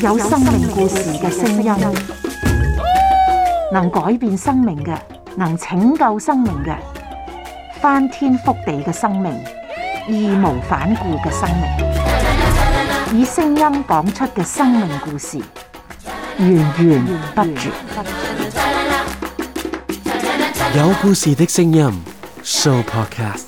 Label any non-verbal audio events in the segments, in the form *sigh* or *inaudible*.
有生命故事嘅聲音，能改變生命嘅，能拯救生命嘅，翻天覆地嘅生命，義無反顧嘅生命，以聲音講出嘅生命故事，源源不絕。有故事嘅聲音，Show Podcast。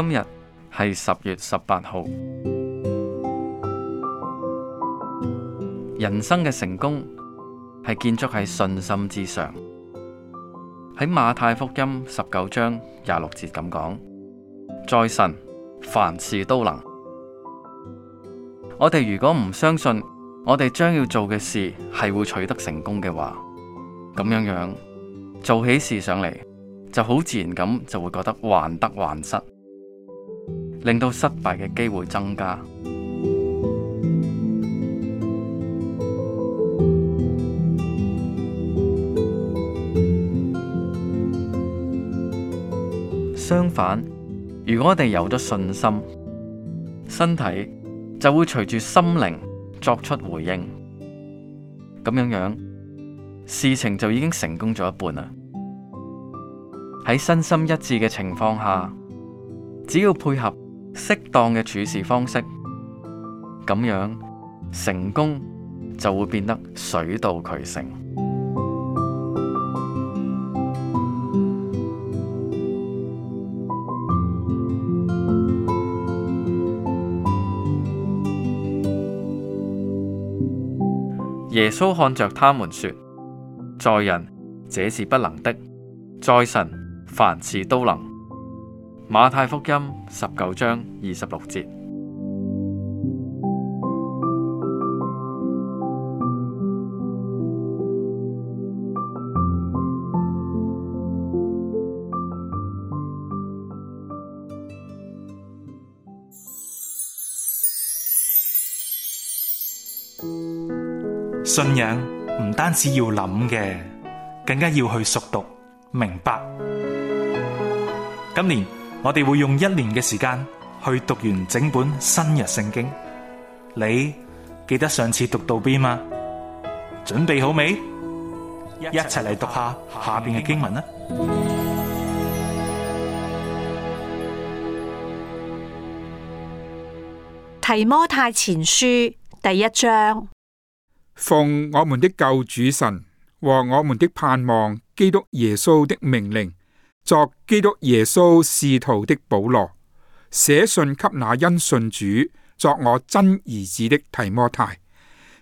今日係十月十八號。人生嘅成功係建築喺信心之上，喺馬太福音十九章廿六節咁講，在神凡事都能。我哋如果唔相信我哋將要做嘅事係會取得成功嘅話，咁樣樣做起事上嚟，就好自然咁就會覺得患得患失。令到失敗嘅機會增加。相反，如果我哋有咗信心，身體就會隨住心靈作出回應。咁樣樣，事情就已經成功咗一半啦。喺身心一致嘅情況下，只要配合。適當嘅處事方式，咁樣成功就會變得水到渠成。耶穌看着他們說：在人，這是不能的；在神，凡事都能。馬太福音十九章二十六節，信仰唔單止要諗嘅，更加要去熟讀明白。今年。我哋會用一年嘅時間去讀完整本新約聖經。你記得上次讀到邊嗎？準備好未？一齊嚟讀下下面嘅經文啦！提摩太前書第一章，奉我們的救主神和我們的盼望基督耶穌的命令。作基督耶穌使徒的保羅，寫信給那因信主作我真兒子的提摩太，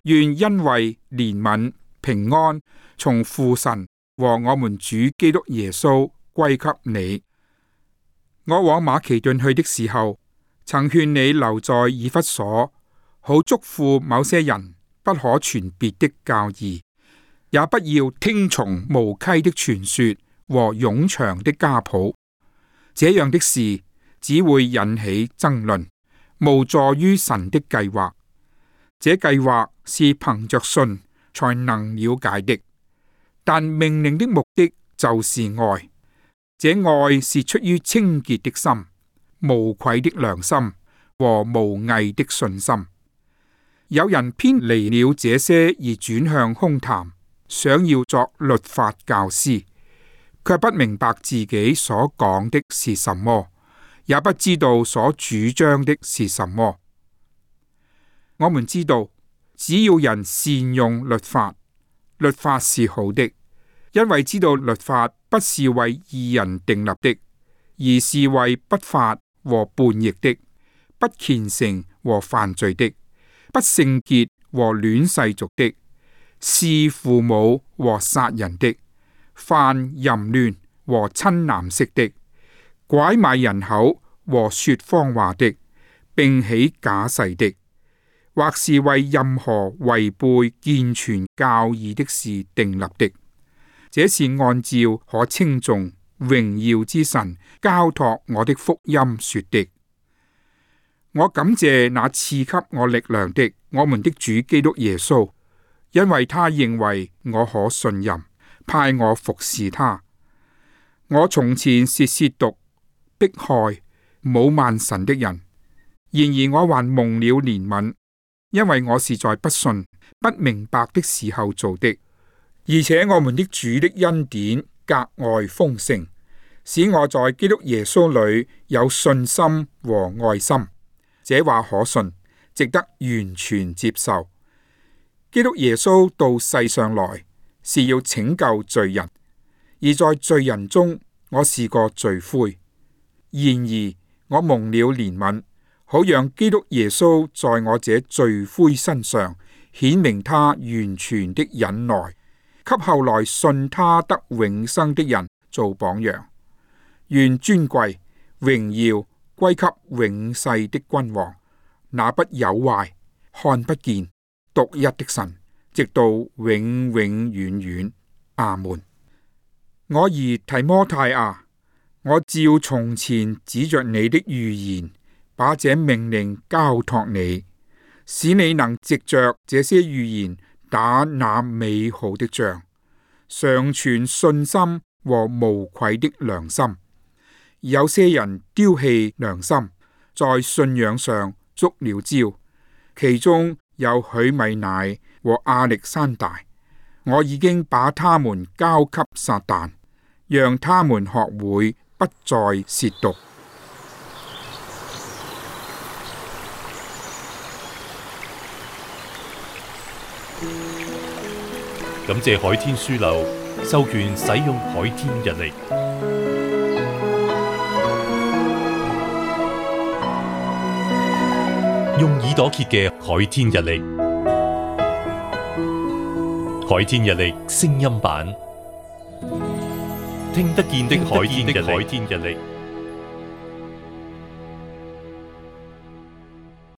願恩惠憐憫平安從父神和我們主基督耶穌歸給你。我往馬其頓去的時候，曾勸你留在以弗所，好囑咐某些人不可傳別的教義，也不要聽從無稽的傳說。和冗長的家譜，這樣的事只會引起爭論，無助於神的計劃。這計劃是憑着信才能了解的。但命令的目的就是愛，這愛是出於清潔的心、無愧的良心和無偽的信心。有人偏離了這些而轉向空談，想要作律法教師。卻不明白自己所講的是什麼，也不知道所主張的是什麼。我們知道，只要人善用律法，律法是好的，因為知道律法不是為義人定立的，而是為不法和叛逆的、不虔誠和犯罪的、不聖潔和戀世俗的、弑父母和殺人的。犯淫亂和親男色的，拐賣人口和說謊話的，並起假誓的，或是為任何違背健全教義的事定立的，這是按照可稱頌榮耀之神交託我的福音說的。我感謝那賜給我力量的我們的主基督耶穌，因為他認為我可信任。派我服侍他。我從前是褻瀆、迫害、侮慢神的人，然而我還蒙了憐憫，因為我是在不信、不明白的時候做的。而且我們的主的恩典格外豐盛，使我在基督耶穌裏有信心和愛心。這話可信，值得完全接受。基督耶穌到世上來。是要拯救罪人，而在罪人中，我是個罪魁。然而我蒙了憐憫，好讓基督耶穌在我這罪魁身上顯明他完全的忍耐，給後來信他得永生的人做榜樣。願尊貴榮耀歸給永世的君王，那不有壞、看不見、獨一的神。直到永永遠遠，阿門。我兒提摩太啊，我照從前指着你的預言，把這命令交託你，使你能藉着這些預言打那美好的仗，常存信心和無愧的良心。有些人丟棄良心，在信仰上觸了礁，其中有許米乃。和亞歷山大，我已經把他們交給撒旦，讓他們學會不再褻瀆。感謝海天書樓授權使用海天日曆， *noise* 用耳朵揭嘅海天日曆。海天日曆聲音版，聽得見的海天日曆。